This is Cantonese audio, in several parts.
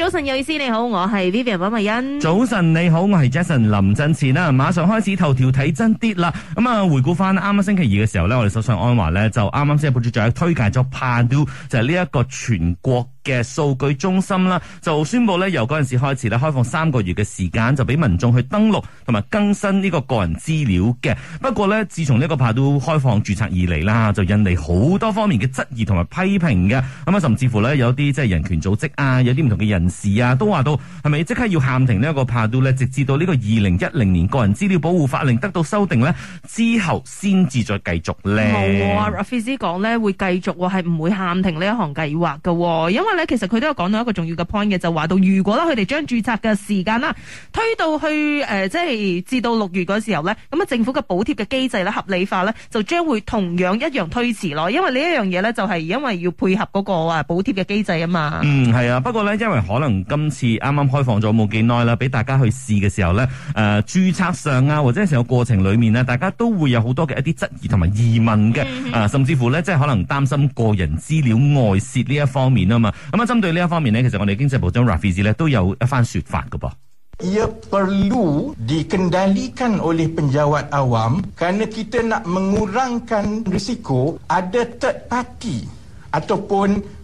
早晨，有意思，你好，我係 Vivian 溫慧欣。早晨，你好，我係 Jason 林振前啦。馬上開始頭條睇真啲啦。咁啊，回顧翻啱啱星期二嘅時候呢，我哋首相安華呢，就啱啱先係博主仲推介咗 Padu，就係呢一個全國嘅數據中心啦。就宣布呢，由嗰陣時開始呢，開放三個月嘅時間，就俾民眾去登錄同埋更新呢個個人資料嘅。不過呢，自從呢個 Padu 開放註冊以嚟啦，就引嚟好多方面嘅質疑同埋批評嘅。咁啊，甚至乎呢，有啲即係人權組織啊，有啲唔同嘅人。事啊，都話到係咪即刻要喊停呢一個 PADU 咧，直至到呢個二零一零年個人資料保護法令得到修訂呢？之後，先至再繼續咧。冇啊，Rafizi 講呢會繼續係唔會喊停呢一項計劃噶，因為呢，其實佢都有講到一個重要嘅 point 嘅，就話到如果呢，佢哋將註冊嘅時間啦推到去誒、呃，即係至到六月嗰時候呢，咁啊政府嘅補貼嘅機制咧合理化呢，就將會同樣一樣推遲咯，因為呢一樣嘢呢，就係、是、因為要配合嗰個啊補貼嘅機制啊嘛。嗯，係啊，不過呢，因為。可能今次啱啱開放咗冇幾耐啦，俾大家去試嘅時候咧，誒註冊上啊，或者成個過程裡面咧，大家都會有好多嘅一啲質疑同埋疑問嘅，mm -hmm. 啊，甚至乎咧，即係可能擔心個人資料外泄呢一方面啊嘛。咁啊，針對呢一方面咧，其實我哋經濟部長 Rafizi 咧都有一番説法㗎噃。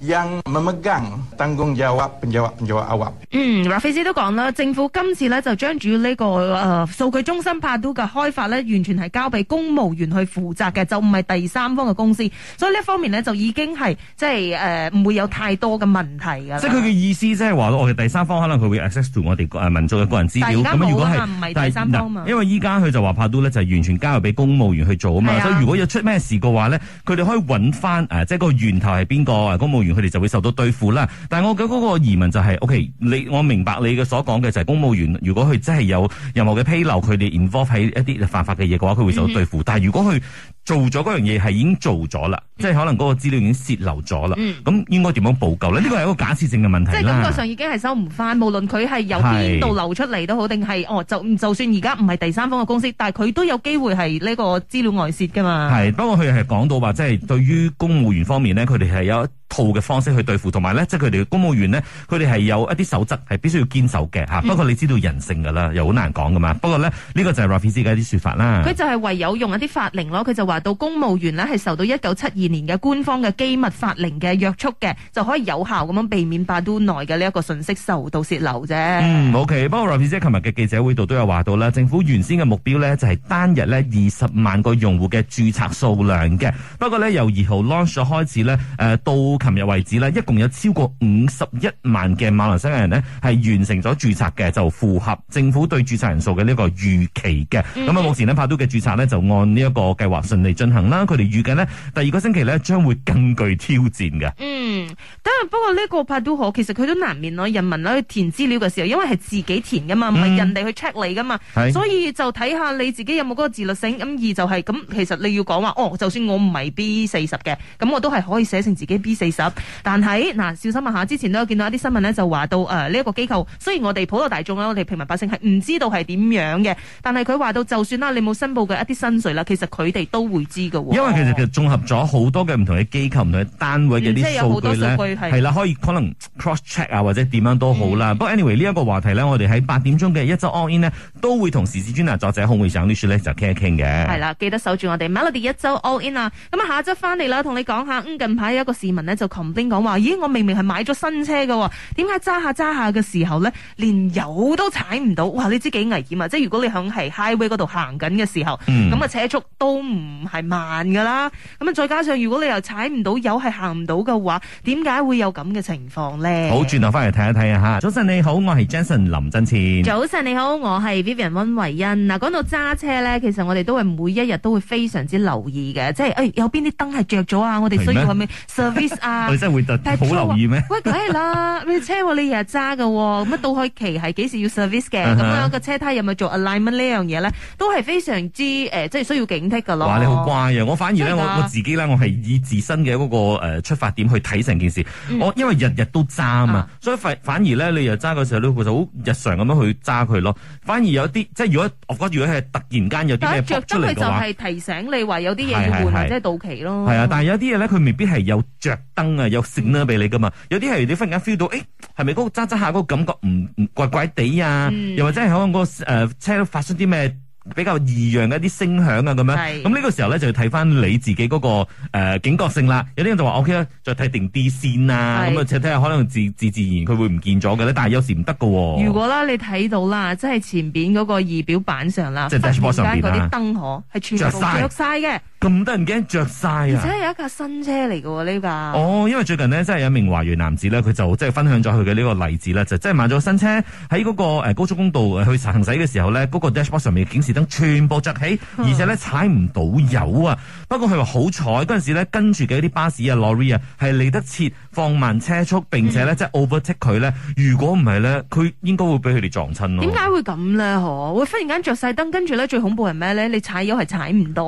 嗯唔唔敢擔當 jawap，penjawap，penjawap 嗯，拉菲斯都講啦，政府今次咧就將要呢個誒、呃、數據中心帕都嘅開發咧，完全係交俾公務員去負責嘅，就唔係第三方嘅公司。所以呢一方面咧，就已經係即係誒唔會有太多嘅問題啊，即係佢嘅意思，即係話我哋第三方可能佢會 access to 誒我哋民眾嘅個人資料。咁如果係、唔係第三方啊，因為依家佢就話帕都咧就係完全交由俾公務員去做嘛啊嘛。所以如果要出咩事嘅話咧，佢哋可以揾翻誒即係個源頭係邊個個公務員。佢哋就會受到對付啦。但係我嘅嗰個疑問就係，OK，你我明白你嘅所講嘅就係公務員。如果佢真係有任何嘅披露，佢哋 involve 喺一啲犯法嘅嘢嘅話，佢會受到對付。但係，就是 OK，如果佢做咗嗰樣嘢係已經做咗啦、嗯，即係可能嗰個資料已經泄漏咗啦。咁、嗯、應該點樣補救呢？呢個係一個假設性嘅問題。即係感覺上已經係收唔翻，無論佢係由邊度流出嚟都好，定係哦就就算而家唔係第三方嘅公司，但係佢都有機會係呢個資料外泄噶嘛。係，不過佢係講到話，即係對於公務員方面呢，佢哋係有一套嘅方式去對付，同埋呢，即係佢哋公務員呢，佢哋係有一啲守則係必須要堅守嘅吓、嗯。不過你知道人性噶啦，又好難講噶嘛。不過呢，呢、呢個就係 Rafi 依家啲說法啦。佢就係唯有用一啲法令咯，佢就話。到公務員咧係受到一九七二年嘅官方嘅機密法令嘅約束嘅，就可以有效咁樣避免巴都內嘅呢一個信息受到洩漏啫。嗯，OK。不過 Rafi 姐琴日嘅記者會度都有話到咧，政府原先嘅目標呢就係、是、單日咧二十萬個用戶嘅註冊數量嘅。不過呢由二號 launch 開始呢，誒、呃、到琴日為止呢，一共有超過五十一萬嘅馬來西亞人咧係完成咗註冊嘅，就符合政府對註冊人數嘅呢個預期嘅。咁、嗯、啊，目前呢，巴都嘅註冊呢就按呢一個計劃嚟進行啦，佢哋預計呢第二個星期呢將會更具挑戰嘅。嗯，但係不過呢個派都好，其實佢都難免咯。人民去填資料嘅時候，因為係自己填噶嘛，唔、嗯、係人哋去 check 你噶嘛，所以就睇下你自己有冇嗰個自律性。咁、嗯、二就係、是、咁、嗯，其實你要講話哦，就算我唔係 B 四十嘅，咁我都係可以寫成自己 B 四十。但係嗱，小心問下、啊。之前都有見到一啲新聞呢，就話到誒呢一個機構，雖然我哋普羅大眾啦，我哋平民百姓係唔知道係點樣嘅，但係佢話到就算啦，你冇申報嘅一啲薪水啦，其實佢哋都。會知嘅喎，因為其實其實綜合咗好多嘅唔同嘅機構、唔、哦、同嘅單位嘅呢啲數據咧，係啦，可，可以可能 cross check 啊，或者點樣都好啦。不、嗯、過 anyway 呢一個話題呢，我哋喺八點鐘嘅一週 all in 咧，都會同時事專欄作者洪偉祥呢書咧就傾一傾嘅。係 啦樂，記得守住我哋 melody 一週 all in 啊。咁啊，下週翻嚟啦，同你講下。近排有一個市民呢，就狂丁講話，咦，我明明係買咗新車嘅，點解揸下揸下嘅時候呢，連油都踩唔到？哇！你知幾危險啊！即係如果你響係 highway 嗰度行緊嘅時候，咁、嗯、啊車速都唔～唔係慢噶啦，咁啊，再加上如果你又踩唔到油，係行唔到嘅話，點解會有咁嘅情況咧？好，轉頭翻嚟睇一睇啊吓！早晨你好，我係 Jason 林振前。早晨你好，我係 Vivian 溫維欣。嗱、啊，講到揸車咧，其實我哋都係每一日都會非常之留意嘅，即係誒、哎，有邊啲燈係着咗啊？我哋需要係咪 service 啊？真 但是 會特登留意咩？喂，梗係啦， 你車你日日揸噶，咁啊，到期期係幾時要 service 嘅？咁樣個車胎有冇做 alignment 呢樣嘢咧？都係非常之誒，即、呃、係需要警惕噶咯。好、哦、乖啊！我反而咧，我我自己咧，我係以自身嘅嗰個誒出發點去睇成件事，嗯。我因為日日都揸啊嘛，所以反反而咧，你又揸嘅時候咧，我就好日常咁樣去揸佢咯。反而有啲即係如果我覺得如果係突然間有啲嘢着燈佢就係提醒你有話有啲嘢要換，即係到期咯。係啊，但係有啲嘢咧，佢未必係有着燈啊，有閃啦俾你噶嘛。嗯、有啲係你忽然間 feel 到，誒、欸，係咪嗰個揸揸下嗰個感覺唔怪怪地啊？嗯？又或者係響嗰個誒、呃、車發生啲咩？比較異樣嘅一啲聲響啊，咁樣。咁呢個時候咧，就要睇翻你自己嗰、那個、呃、警覺性啦。有啲人就話，OK 再睇定啲先啊。咁啊，睇下可能自自自然佢會唔見咗嘅咧。但係有時唔得嘅喎。如果啦，你睇到啦，即係前邊嗰個儀表板上啦，忽然間嗰啲燈火係、啊、全部著曬嘅。咁得人驚？着晒啊！而且有一架新車嚟嘅喎呢架。哦，因為最近呢，真係有一名華裔男子咧，佢就即係、就是、分享咗佢嘅呢個例子咧，就即、是、係買咗新車喺嗰個高速公路去行駛嘅時候咧，嗰、那個 dashboard 上面顯示得，全部着起，而且咧踩唔到油啊！嗯、不過佢話好彩嗰陣時咧，跟住嘅嗰啲巴士、Lorie、啊、lorries 啊，係嚟得切放慢車速，並且咧即係 overtake 佢咧。如果唔係咧，佢應該會俾佢哋撞親咯、啊。點解會咁咧？嗬！會忽然間着晒燈，跟住咧最恐怖係咩咧？你踩油係踩唔到。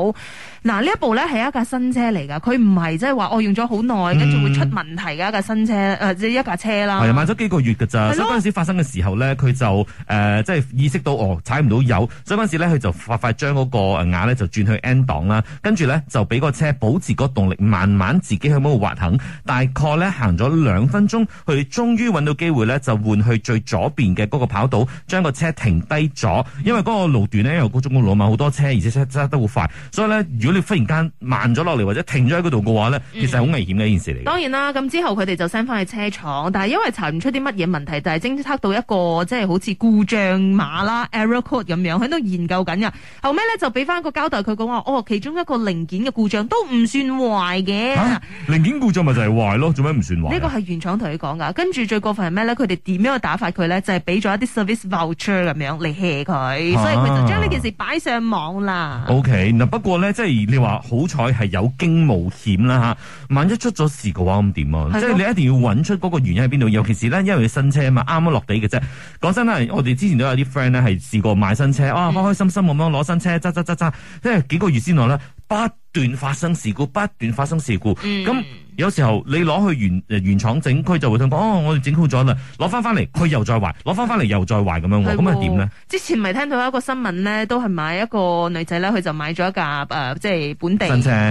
嗱、啊，呢一部咧係一架新車嚟噶，佢唔係即係話我用咗好耐，跟、嗯、住會出問題嘅一架新車誒，即、呃、一架車啦。係慢咗幾個月㗎咋。所以嗰陣時發生嘅時候咧，佢就誒即係意識到哦，踩唔到油，所以嗰陣時咧，佢就快快將個個額咧就轉去 N 檔啦，跟住咧就俾個車保持個動力，慢慢自己喺嗰度滑行。大概咧行咗兩分鐘，佢終於揾到機會咧就換去最左邊嘅嗰個跑道，將個車停低咗。因為嗰個路段咧有高速公路啊嘛，好多車而且揸得好快，所以咧如果你忽然間慢咗落嚟或者停咗喺嗰度嘅話咧，其實好危險嘅一件事嚟，嗯。當然啦，咁之後佢哋就 send 翻去車廠，但係因為查唔出啲乜嘢問題，就係偵測到一個即係好似故障碼啦 error code 咁樣喺度研究。緊噶，後尾咧就俾翻一個交代，佢講話哦，其中一個零件嘅故障都唔算壞嘅、啊。零件故障咪就係壞咯，做咩唔算壞？呢個係原廠同佢講噶。跟住最過分係咩咧？佢哋點樣打發佢咧？就係俾咗一啲 service voucher 咁樣嚟 hea 佢，所以佢就將呢件事擺上網啦。OK 嗱，不過咧，即係你話好彩係有驚無險啦吓。萬一出咗事嘅話，咁點啊？即係你一定要揾出嗰個原因喺邊度。尤其是咧，因為新車嘛，啱啱落地嘅啫。講真啦，我哋之前都有啲 friend 咧係試過買新車，哇、啊，好開心！心咁樣攞新車揸揸揸揸，即係幾個月之內咧，不斷發生事故，不斷發生事故，咁、嗯。有時候你攞去原誒原廠整，佢就會通報。哦，我哋整好咗啦，攞翻翻嚟，佢又再壞，攞翻翻嚟又再壞咁樣喎。咁係點呢？之前咪聽到一個新聞咧，都係買一個女仔咧，佢就買咗一架誒、呃，即係本地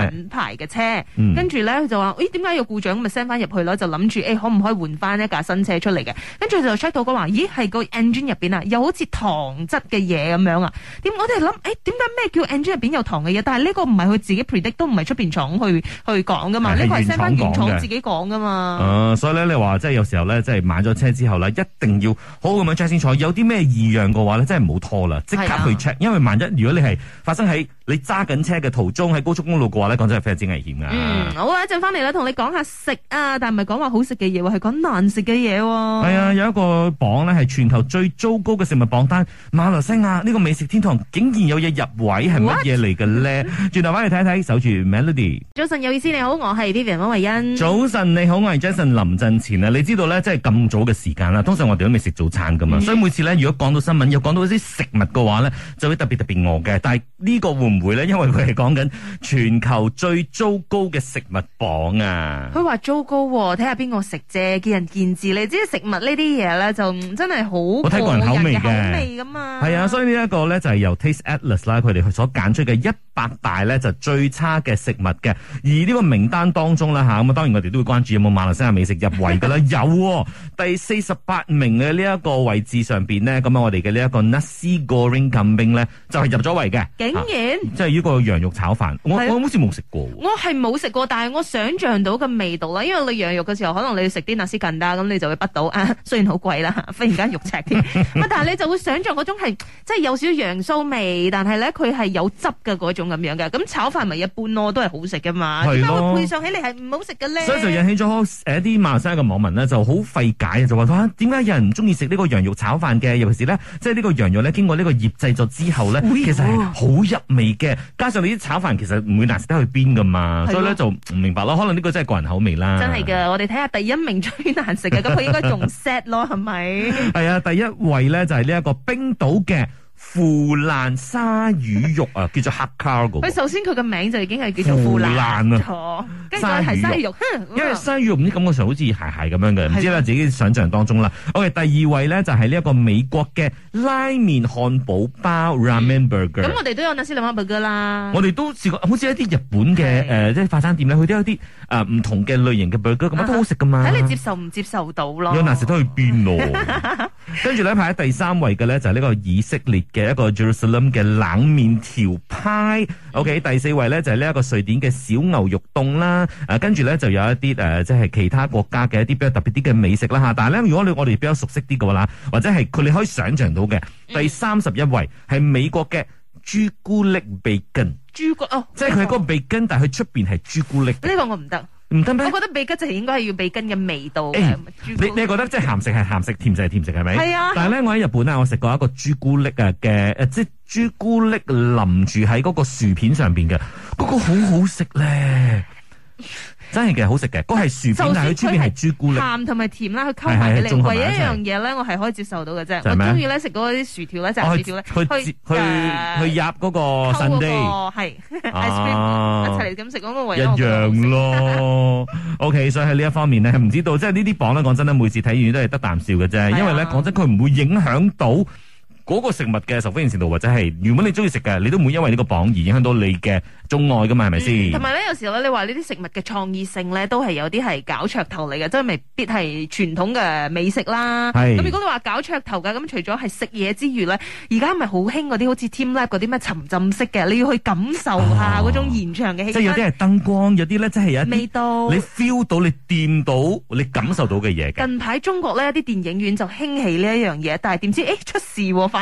品牌嘅車。新車嗯、跟住咧，佢就話：，咦、哎，點解有故障？咁咪 send 翻入去咯，就諗住、哎、可唔可以換翻一架新車出嚟嘅？跟住就 check 到佢話：，咦，係個 engine 入邊啊，又好似糖質嘅嘢咁樣啊？點？我哋諗：，誒、哎，點解咩叫 engine 入邊有糖嘅嘢？但係呢個唔係佢自己 predict，都唔係出邊廠去去講噶嘛？呢個係廠自己講噶嘛、呃？所以咧，你話即係有時候咧，即係買咗車之後咧，一定要好好咁樣 check 清楚。有啲咩異樣嘅話咧，真係唔好拖啦，即刻去 check、啊。因為萬一如果你係發生喺你揸緊車嘅途中喺高速公路嘅話咧，講真係非常之危險噶、嗯。好，我一陣翻嚟啦，同你講下食啊，但係唔係講話好食嘅嘢，係講難食嘅嘢。係、哎、啊，有一個榜咧係全球最糟糕嘅食物榜單。馬來西亞呢個美食天堂竟然有嘢入位，係乜嘢嚟嘅咧？轉頭翻嚟睇一睇，守住 Melody。早晨有意思，你好，我係 Diana。早晨，你好，我係 Jason 林。林振前你知道咧，即係咁早嘅時間啦。通常我哋都未食早餐噶嘛、嗯，所以每次咧，如果講到新聞，又講到啲食物嘅話咧，就會特別特別餓嘅。但係呢個會唔會咧？因為佢係講緊全球最糟糕嘅食物榜啊！佢話糟糕，睇下邊個食啫，見仁見智，你知食物呢啲嘢咧，就真係好，我睇過人口味嘅，味噶嘛。係啊，所以呢一個咧就係由 Taste Atlas 啦，佢哋所揀出嘅一百大咧就最差嘅食物嘅。而呢個名單當中咧。啊！咁當然我哋都會關注有冇馬來西亞美食入圍噶啦，有喎，第四十八名嘅呢一個位置上邊咧，咁啊我哋嘅呢一個 Nasi Goreng Kambing 咧就係入咗圍嘅，竟然即係呢個羊肉炒飯，我我好似冇食過，我係冇食過，但係我想象到嘅味道啦，因為你羊肉嘅時候，可能你食啲 Nasi Kemping 咁，你就會筆到啊，雖然好貴啦，忽然間肉赤啲，但係你就會想象嗰種係即係有少少羊臊味，但係咧佢係有汁嘅嗰種咁樣嘅，咁炒飯咪一般咯，都係好食嘅嘛，點解會配上起嚟係唔好？好食嘅咧所以就引起咗一啲馬來西亞嘅網民咧，就好費解，就話哇點解有人唔中意食呢個羊肉炒飯嘅？尤其是咧，即係呢個羊肉咧經過呢個醃製咗之後咧，Sweet、其實係好入味嘅。加上你啲炒飯其實唔會難食得去邊噶嘛，所以咧就唔明白咯。可能呢個真係個人口味啦。真係噶，我哋睇下第一名最難食嘅，咁佢應該仲 sad 咯，係咪？係啊，第一位咧就係呢一個冰島嘅。腐爛鯊魚肉啊，叫做黑烤噶、那個。佢 首先佢嘅名就已經係叫做腐爛，錯，跟住再係鯊魚肉，因為鯊魚肉唔知感覺上好似係係咁樣嘅，唔知啦自己想象當中啦。OK，第二位咧就係呢一個美國嘅拉麵漢堡包 （ramen、嗯、burger）。咁我哋都有 nasi lemak burger 啦。我哋都試過，好似一啲日本嘅誒、呃，即係快餐店咧，佢都有啲誒唔同嘅類型嘅 burger，咁樣都好食噶嘛。睇、啊、你接受唔接受到咯。有難食都去邊咯。 跟住咧排喺第三位嘅咧就係呢個以色列。嘅一個 Jerusalem 嘅冷麵條派，OK，第四位咧就係呢一個瑞典嘅小牛肉凍啦，啊，跟住咧就有一啲誒，即、呃、係、就是、其他國家嘅一啲比較特別啲嘅美食啦嚇、啊，但係咧如果你我哋比較熟悉啲嘅話啦，或者係佢哋可以想象到嘅、嗯、第三十一位係美國嘅朱古力 bacon，朱古哦，即係佢係嗰個 bacon、哦，但係佢出邊係朱古力的。呢、這個我唔得。唔得咩？我覺得比吉就係應該係要比根嘅味道，欸是是。你你覺得即係鹹食係鹹食，甜食係甜食，係咪？係啊！但係咧，我喺日本啊，我食過一個朱古力啊嘅、呃、即係朱古力淋住喺嗰個薯片上邊嘅，嗰、嗰個好好食咧。 真係嘅，好食嘅，嗰、那、係、個、薯片，但係佢出面係朱古力，咸同埋甜啦，佢溝埋俾你。唯一一樣嘢咧，我係可以接受到嘅啫。我中意咧食嗰啲薯條咧，就係薯條咧、啊，去去去,去,去,去,去,去入嗰個,、新地。偷嗰個係啊，cream, 一齊嚟咁食嗰個,個，唯一一樣咯。 OK，所以喺呢一方面咧，唔知道即係呢啲榜咧，講真咧，每次睇完都係得啖笑嘅啫。因為咧，講真，佢唔會影響到。嗰、那個食物嘅受歡迎程度，或者係原本你中意食嘅，你都唔會因為呢個榜而影響到你嘅鍾愛噶嘛？係咪先？同埋咧，有時候咧，你話呢啲食物嘅創意性咧，都係有啲係搞噱頭嚟嘅，即係未必係傳統嘅美食啦。咁如果你話搞噱頭嘅，咁除咗係食嘢之餘咧，而家咪好興嗰啲好似 Team Lab 嗰啲咩沉浸式嘅，你要去感受下嗰種現場嘅氣氛。哦、即係有啲係燈光，有啲咧即係有味道，你 feel 到、你掂到、你感受到嘅嘢。近排中國呢一啲電影院就興起呢一樣嘢，但係點知誒、欸、出事喎！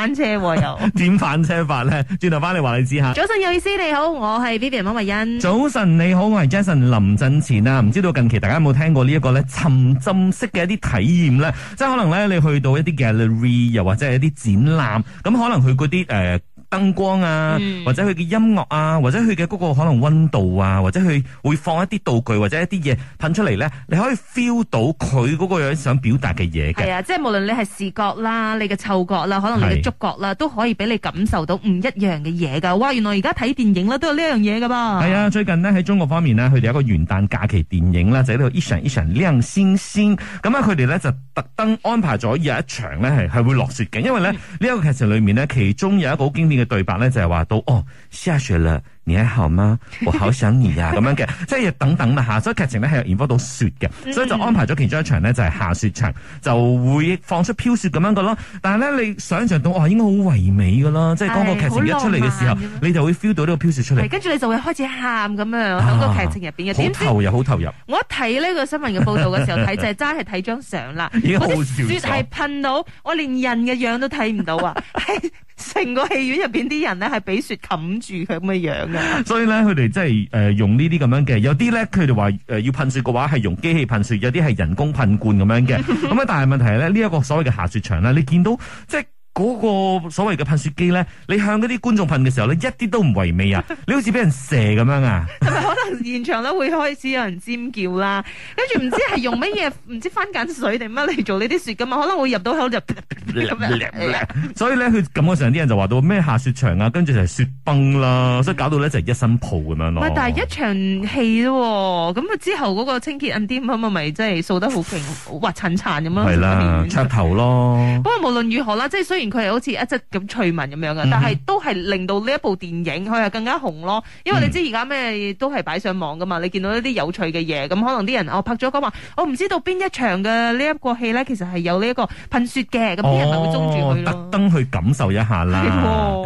反車、啊、又點 反車法咧？轉頭翻嚟話你知吓。早晨有意思你好，我係 B B 蒙慧欣。早晨你好，我係 Jason 林振前啊。唔知道近期大家有冇聽過呢一個咧沉浸式嘅一啲體驗咧？即係可能咧你去到一啲 gallery，又或者係一啲展覽，咁可能佢嗰啲誒。呃燈光啊、嗯、啊，或者佢嘅音樂啊，或者佢嘅嗰個可能温度啊，或者佢會放一啲道具或者一啲嘢噴出嚟咧，你可以 feel 到佢嗰個樣想表達嘅嘢嘅。係啊，即係無論你係視覺啦，你嘅嗅覺啦，可能你嘅觸覺啦，都可以俾你感受到唔一樣嘅嘢噶。哇，原來而家睇電影咧都有呢樣嘢噶噃。係啊，最近呢喺中國方面呢，佢哋有一個元旦假期電影啦，就喺、是、度、這個《一閃一閃亮星星》。咁啊，佢哋咧就特登安排咗有一場咧係係會落雪嘅，因為咧呢一、嗯這個劇情裏面呢，其中有一個經典。嘅對白咧就係話到哦，下雪啦！你喺後媽，我好想你呀、啊，咁 樣嘅，即係等等啦吓。所以劇情咧係演播到雪嘅、嗯，所以就安排咗其中一場呢，就係下雪場，就會放出飄雪咁樣噶咯。但係咧你想象到，哇、哦，應該好唯美噶囉。即係嗰個劇情一出嚟嘅時候，哎、你就會 feel 到呢個飄雪出嚟。跟住你就會開始喊咁樣喺、啊這個劇情入邊嘅。好投入，好投入。我睇呢個新聞嘅報道嘅時候睇 就係真係睇張相啦。好哋雪係噴到，我連人嘅樣都睇唔到啊！成 個戲院入邊啲人咧係俾雪冚住佢咁嘅樣,樣。所以咧，佢哋即係誒用呢啲咁樣嘅，有啲咧佢哋話誒要噴雪嘅話係用機器噴雪，有啲係人工噴灌咁樣嘅，咁 啊但係問題係咧呢一個所謂嘅下雪場咧，你見到即。嗰、那個所謂嘅噴雪機咧，你向嗰啲觀眾噴嘅時候你一啲都唔唯美啊！你好似俾人射咁樣啊！係 咪 可能現場咧會開始有人尖叫啦，跟住唔知係用乜嘢，唔 知翻緊水定乜嚟做呢啲雪噶嘛？可能會入到口就 所以咧佢咁嗰陣啲人就話到咩下雪場啊，跟住就雪崩啦，所以搞到咧就一身泡咁樣咯，啊。但係一場戲啫，咁啊之後嗰個清潔 Andy 啊咪即係掃得好勁？ 滑潺潺咁咯。係啦，擦頭咯。不過無論如何啦，即係所以。雖然佢係好似一隻咁趣聞咁樣嘅，但係都係令到呢一部電影佢係更加紅咯。因為你知而家咩都係擺上網噶嘛，嗯、你見到一啲有趣嘅嘢，咁可能啲人我拍咗講話，我唔知道邊一場嘅呢一個戲咧，其實係有呢一個噴雪嘅，咁、哦、啲人咪會中住佢咯，特登去感受一下啦。